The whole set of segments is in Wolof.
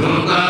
lu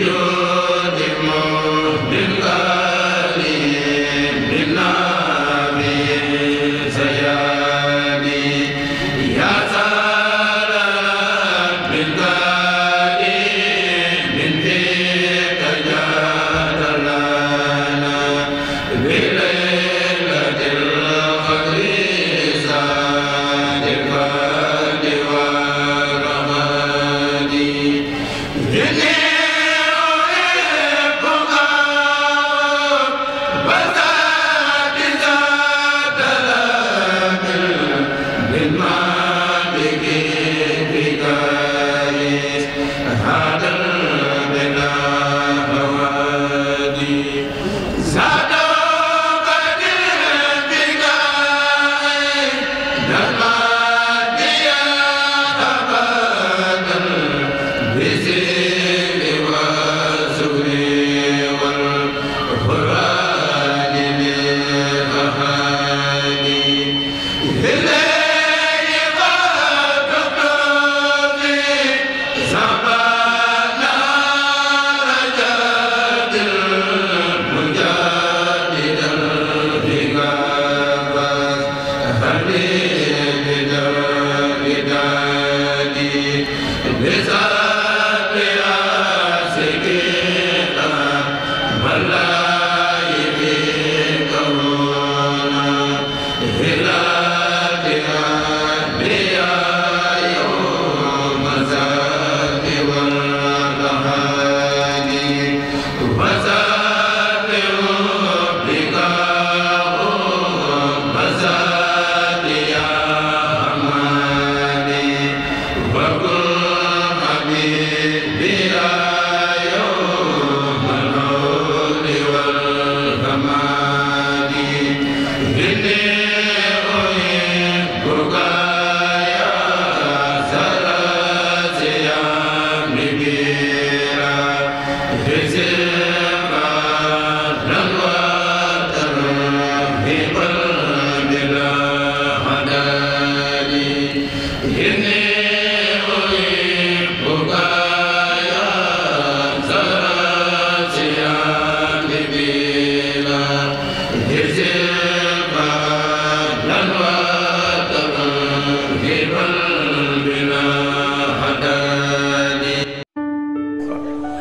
Señor de